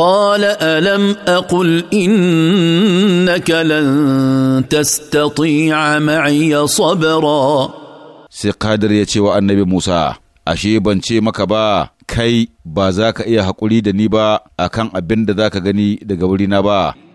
قال الم اقل انك لن تستطيع معي صبرا sai kadir ya ce wa annabi musa ashe ban ce maka ba kai ba za ka iya haƙuri da ni ba akan abin da za ka gani daga wurina ba